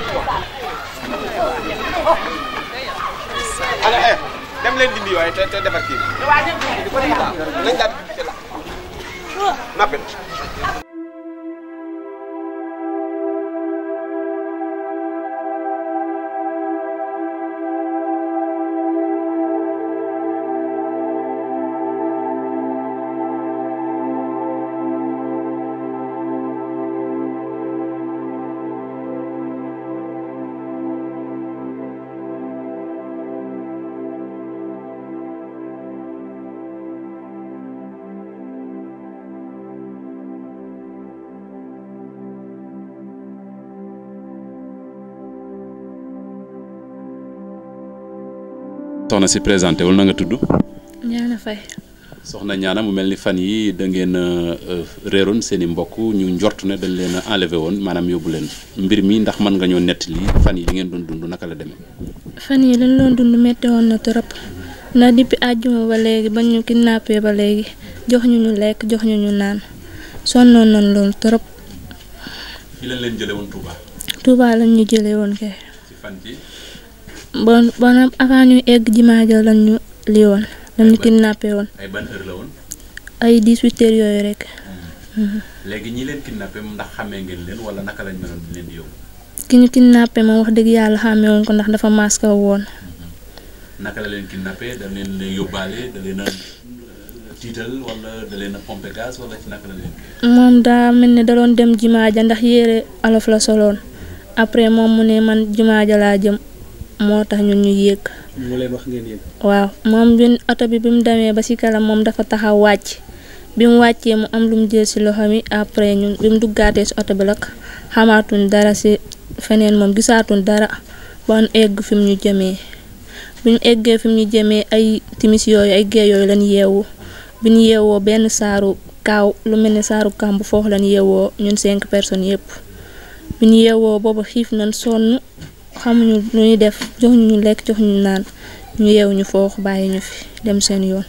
ana eh dem leen dindi waaye te te defar kii bi. nañ daal di dindi ci la. nappi soxna si présenté wul na nga tudd. ñaana fay. soxna ñaana mu mel ni fan yi da ngeen euh, euh, réeroon seen i mbokk ñu njort ne dañ leen enlevé woon maanaam yóbbu leen mbir mi ndax mën nga ñoo nettali fan yi li ngeen doon dund naka la demee. fan yi lañ doon dund metti woon na trop ndax depuis àjjuma ba léegi ba ñu kidnappé ba léegi jox ñu ñu lekk jox ñu ñu naan sonnoon nañ loolu trop. fi lañ leen woon kay. bon bon avant ñuy egg jumaa ja lañ woon lañ ñu woon. ay ban heure la woon. ay dix yooyu rek. Hmm. Hmm. ki ñu kidnappé ma wax dëgg yàlla xamee woon ko ndax dafa masque woon. Hmm. da euh, moom daa mel ni daloon dem jumaa ja ndax yére alof la soloon après moom mu ne man jumaa ja laa jëm. moo tax ñu ñu yéeg. waaw moom bi oto bi bi mu demee ba ci kanam moom dafa taxaw wàcc bi mu wàccee mu am lu mu jël ci loxo mi après ñu bi mu duggaatee ci oto bi nag xamaatuñ dara ci feneen moom gisaatuñ dara ba ñu egg fi mu ñu jëmee bi ñu eggee fi mu ñu jëmee ay timis yooyu ay gée yooyu lañ yeewu bi ñu yeewoo benn saaru kaaw lu mel ni saaru kamb foofu lañu yeewoo ñun cinq personnes yépp bi yeewoo boobu xiif nañ sonn. xamuñu lu ñuy def jox ñu lekk jox ñu naan ñu yeewu foofu bàyyi ñu fi dem seen yoon.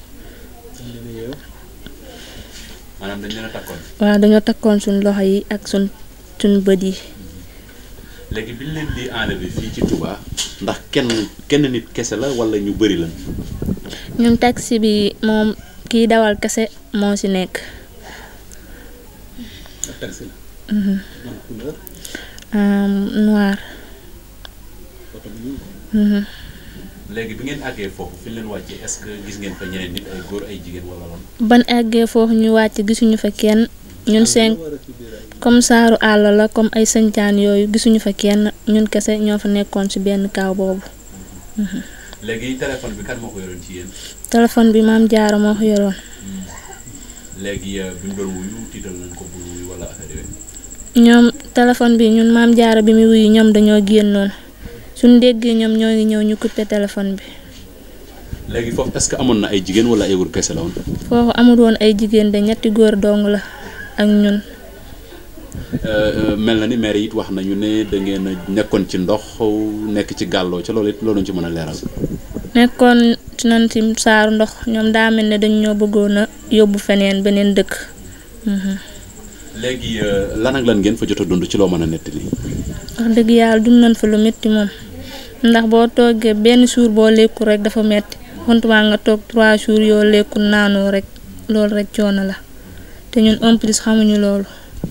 maanaam dañu takkoon. waaw dañoo takkoon suñu loxo yi ak suñ suñu bët yi. léegi bi ñu leen di ndax kenn kenn nit kese la wala ñu bëri la. ñun taxi bi moom kiy dawal kese moo ci nekk. taxi Mm-hmm. léegi ban àggee foofu ñu wàcc gisuñu fa kenn ñun cinq comme saaru àll la comme ay sëncaan yooyu gisuñu fa kenn ñun kese ñoo fa nekkoon ci benn kaaw boobu. Mm-hmm. léegi bi maam Jaara moo ko mm-hmm. euh, ñoom téléphone bi ñun maam Jaara bi muy wuyu ñoom dañoo génnoon. suñu déggee ñoom ñoo ngi ñëw ñu coupé téléphone bi. léegi foofu est-ce amoon na ay jigéen wala ay góor kese la woon. foofu amul woon ay jigéen de ñetti góor dong la ak ñun. Euh, euh, mel na ni maire it wax nañu ne da ngeen a nekkoon ci ndox nekk ci gàlloo ca loolu it loolu ci mën a leeral. nekkoon ci nañ ci saaru ndox ñoom daa mel ne dañ ñoo bëggoon a yóbbu feneen beneen dëkk. Mhm. léegi euh, lan ak lan ngeen fa jot a dund ci loo mën a nettali. wax dëgg yàlla dund nañ fa lu ndax boo toogee benn jour boo lekkul rek dafa metti xontumaa nga toog trois jours yoo lekkul naanoo rek loolu rek coono la te ñun en xamuñu loolu.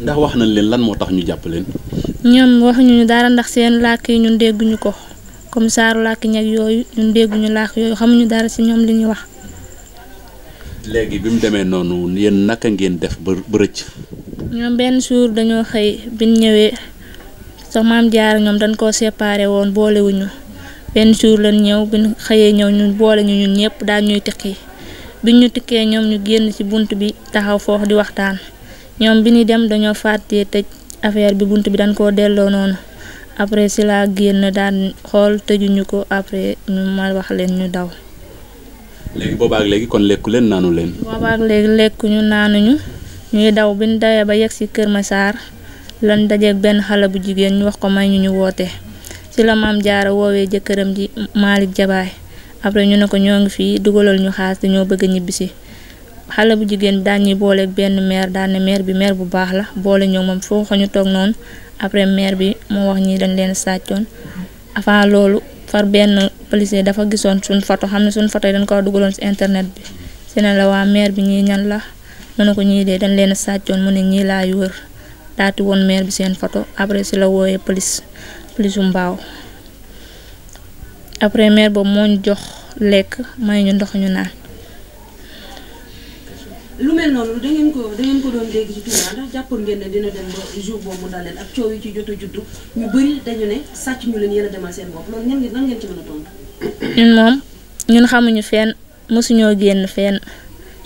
ndax wax nañ leen lan moo tax ñu jàpp leen. ñoom waxuñu ñu dara ndax seen làkk yi ñun dégguñu ko comme saaru làkk ñag yooyu ñun dégguñu làkk yooyu xamuñu dara ci ñoom li ñuy wax. léegi bi mu demee noonu yéen naka ngeen def ba rëcc. ñoom benn jour dañoo xëy biñ ñëwee sax maam jaar ñoom dañ koo séparé woon boolewuñu benn jour lan ñëw bi ñu xëyee ñëw ñu boole ñu ñun ñëpp daal ñuy tikki bi ñu tikkee ñoom ñu génn ci bunt bi taxaw foofu di waxtaan ñoom bi ñu dem dañoo fàtte tëj affaire bi bunt bi dañ koo delloo noonu après si laa génn daan xool tëjuñu ko après ñu ma wax leen ñu daw. léegi boobaak léegi kon lekku leen daw bi ñu dawee ba yegg si Kër Massar lan dajeeg benn xale bu jigéen ñu wax ko may ñu ñu woote. ci la maam jaara woowee jëkkëram ji Malick Jabaay après ñu ne ko ñoo ngi fii dugalal ñu si ñoo bëgg a ñibbi xale bu jigéen bi daan ñuy benn maire daan meer bi maire bu baax la boole ñoo moom foo ñu toog noonu après maire bi moo wax ñi dañ leen sàccoon avant loolu far benn policier dafa gisoon suñ photo xam ne suñ photo yi dañ ko dugaloon si internet bi si la waa maire bi ñuy ñan la mu ne ko ñii dee dañ leen sàccoon mu ne ñii laay wër daati woon meer bi seen photo après si la woowee police plus u mbaaw après mère boobu jox lekk may ñu ndox ñu naan. lu mel noonu da ngeen ko da ngeen ko doon dégg ci Touba ndax jàppoon ñu moom ñun xamuñu fenn mosuñoo génn fenn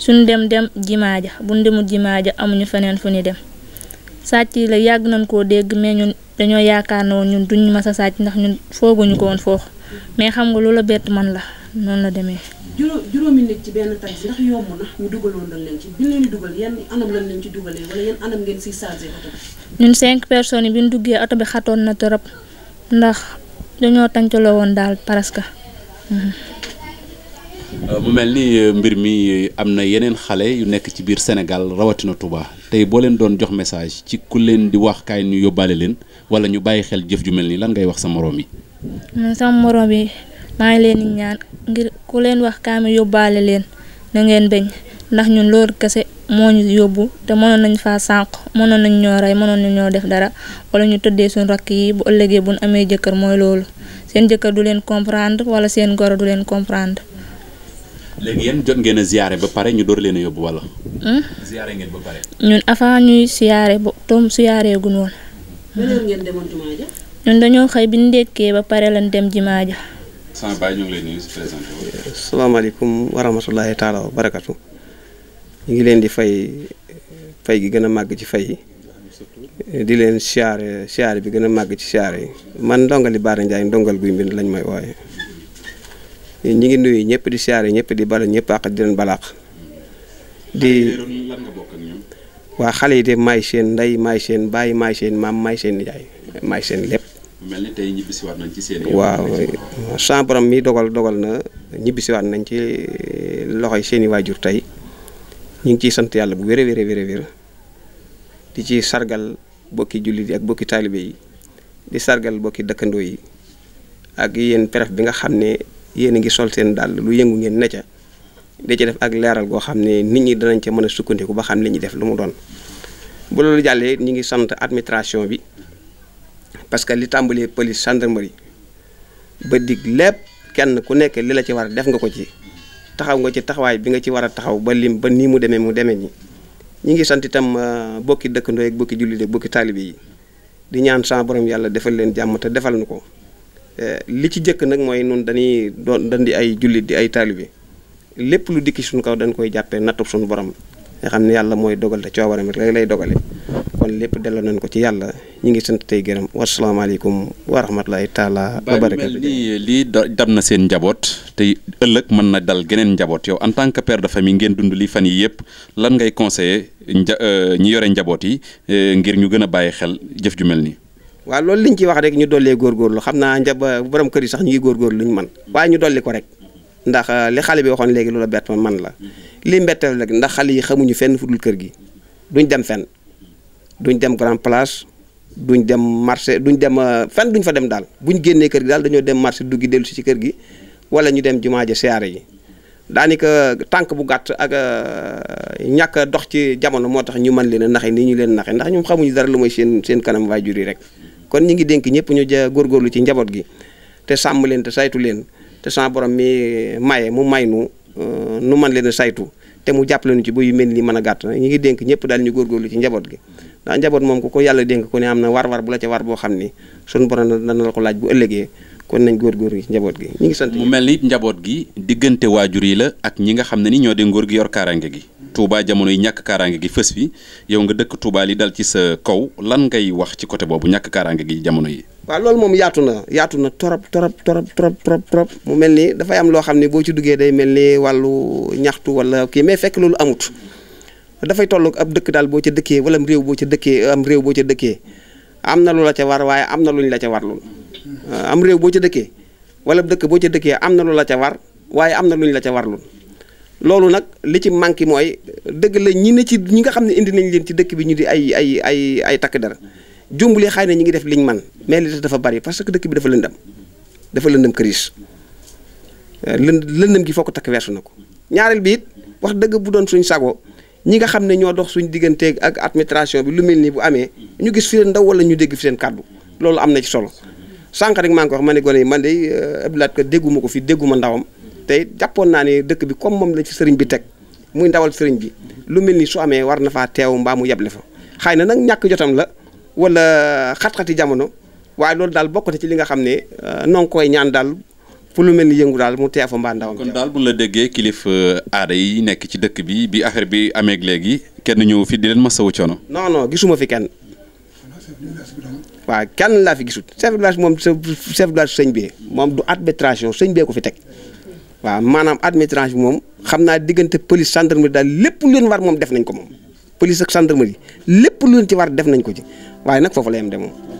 suñu dem dem jimaaja buñ demul jimaaja amuñu feneen fu ñu dem. sàcc yi la yàgg nañ koo dégg mais ñun dañoo yaakaar ne woon ñun duñ mas a sàcc ndax ñun fooguñu ko woon foofu mais xam nga loola bett man la noonu la demee. juróomi nit ci benn taxi ndax ñu dugaloon dañ leen dugal yan anam lañ leen ci dugalee wala yan anam ngeen siy chargé ñun cinq personnes yi bi ñu duggee oto bi xatoon na trop ndax dañoo tàncaloo woon daal presque. Euh, mu mel ni euh, mbir mi euh, am na yeneen xale yu nekk ci biir Sénégal rawatina tubaa tey boo leen doon jox message ci ku leen di wax kaay yóbbaale leen wala ñu bàyyi xel jëf ju mel nii lan ngay wax sa moroom yi. moroom yi maa ngi leen ñaan ngir ku leen wax kaay yóbbaale leen na ngeen bañ ndax ñu loolu kese moo ñu yóbbu te mënoon nañ faa sànq mënoon nañ ñoo rey mënoon nañ ñoo def dara wala ñu tëddee suñu rakk yi bu ëllëgee buñ amee jëkkër mooy loolu seen jëkkër du leen comprendre wala seen goro du leen comprendre. léegi yéen jot ngeen a ziare ba pare ñu door leen yóbbu wala. Hmm? ziare ngeen ba pare. ñun avant ñuy ziare ba toom ziare gun ñun dañoo xëy bi ñu ndekkee ba pare lan dem ji ja. sama baay ñu ngi lay nuyu si barakatu. ñu ngi leen di fay fay gi gën a màgg ci fay yi. di leen siyaare siyaare bi gën a màgg ci siyaare yi man ndongali Baara Ndiaye ndongal guy mbind lañ may wooye ñu ngi nuyu ñëpp di siyaare ñëpp di bala ñëpp àq di leen balaax di waa xale yi de maay seen ndey maay seen baay maay seen maam maay seen nijaay maay seen lépp. mel ni tey ñibbisiwaat nañ ci seen waaw borom mi dogal dogal na ñibbisiwaat nañ ci eh, loxoy seeni waajur tey ñu ngi ciy sant yàlla bu wér wér wér wér di ci sargal bokki jullit yi ak bokki taalibe yi di sargal bokki dëkkandoo yi ak yéen préf bi nga xam ne yéen a ngi sol seen dàll lu yëngu ngeen ne ca da ci def ak leeral goo xam ne nit ñi danañ ca mën a sukkandiku ba xam li ñuy def lu mu doon bu loolu jàllee ñu ngi sant administration bi parce que li tàmbalee police gendarmerie ba dig lépp kenn ku nekk li la ci war a def nga ko ci taxaw nga ci taxawaay bi nga ci war a taxaw ba lim ba nii mu demee mu demee nii ñu ngi sant itam euh, bokki dëkkandoo ak bokki jullit ak bokki taalibe yi di ñaan sa borom yàlla defal leen jàmm defal nu ko Eh, li ci jëkk nag mooy noonu dañuy doon dañ di ay jullit di ay taalibe lépp lu dikki suñu kaw dañ koy jàppee nattub suñu borom nga xam ne yàlla mooy dogal te coobaram rek lay dogale kon lépp delloo nañ ko ci yàlla ñu ngi sant tey gërëm wasalaamaaleykum wa rahmatulahi taala wa barakatu nii lii dab na seen njaboot te ëllëg mën na dal geneen njaboot yow en tant que père de famille ngeen dund li fan yi yëpp lan ngay conseiller euh, ñi yore njaboot yi euh, ngir ñu gën a bàyyi xel jëf ju mel nii waaw loolu ñu ci wax rek ñu dollee góorgóorlu xam naa njaba borom kër yi sax ñu ngi góorgóorlu man waaye ñu dolli ko rek ndax euh, li xale bi waxoon léegi loola bett man la li mbetteel rek ndax xale yi xamuñu fenn fu dul kër gi duñ dem fenn duñ dem grand place duñ dem marché duñ dem euh, fenn duñ fa dem daal bu ñu génnee kër gi daal dañoo dem marché duggi dellu si ci kër gi wala ñu dem jumaa ja siyaare yi daanaka tànk bu gàtt ak euh, ñàkk a dox ci jamono moo tax ñu mën leen nax naxe nii ñu leen naxe ndax ñoom xamuñu dara lu mooy seen seen kanam waajur yi rek kon ñu ngi dénk ñëpp ñu góor góorgóorlu ci njaboot gi te sàmm leen te saytu leen te sa borom mi maye mu may nu euh, nu man leen saytu te mu jàppale nu ci bu yu mel ni man a gàtt ñu ngi dénk ñëpp daal ñu góorgóorlu ci njaboot gi ndax njaboot moom ku ko yàlla dénk ku ne am na war-war bu la ca war boo xam ni sunu borom na la ko laaj bu ëllëgee kon nañ góorgóorlu ci njaboot gi ñu ngi sant mu mel ni njaboot gi diggante waajur yi la ak ñi nga xam ne ni ñoo de ngóor gi yor gi Touba jamono yi ñàkk kaaraange gi fës fi yow nga dëkk Touba li dal ci sa kaw lan ngay wax ci côté boobu ñàkk kaaraange gi jamono yi. waa loolu moom yaatu na yaatu na torop torop torop torop torop torop mu mel ni dafay am loo xam ne boo ci duggee day mel ni wàllu ñaxtu wala kii mais fekk loolu amut dafay tollook ab dëkk daal boo ca dëkkee wala am réew boo ca dëkkee am réew boo ca dëkkee am na lu la ca war waaye am na lu ñu la ca war am réew boo ca dëkkee wala dëkk boo ca dëkkee am na lu la ca war waaye am na luñ la ca warlul loolu nag li ci manqué mooy dëgg lañ ñi ne ci ñi nga xam ne indi nañ leen ci dëkk bi ñu di ay ay ay ay takk dara jumbulee xay na ñi ngi def liñ man mais li dafa bari parce que dëkk bi dafa lëndëm dafa lëndëm këriis euh, lën lëndëm gi foo ko takk weesu na ko ñaareel bi wax dëgg bu doon suñ sago ñi nga xam ne ñoo dox suñ digganteeg ak administration bi lu mel ni bu amee ñu gis fi leen ndaw wala ñu dégg fi seen kàddu loolu am na ci solo sànq rek maa wax ma ne gone yi man de euh, Abdoulaye ko dégguma ko fi dégguma ndawam tey jàppoon naa ne dëkk bi comme moom la ci sëriñ bi teg muy ndawal sëriñ bi lu mel ni su amee war na faa teew mbaa mu yeble fa xëy na nag ñàkk jotam la wala xat-xati jamono waaye loolu daal bokk na ci li nga xam ne euh, noo ngi ñaan daal pour lu mel ni yëngu daal mu teew fa mbaa ndawam. kon daal bu la déggee kilifa euh, aada yi nekk ci dëkk bi bi affaire bi amee léegi kenn ñëw fi di leen masawu coono. non non gisuma fi kenn. waa kenn laa fi gisut chef de moom chef de sëñ bi moom du administration sëñ bee ko fi teg. waaw maanaam administration bi moom xam naa diggante police gendarmerie daal lépp lu leen war moom def nañ ko moom police ak gendarmerie lépp lu leen ci war def nañ ko ci waaye nag foofu la yem de moom.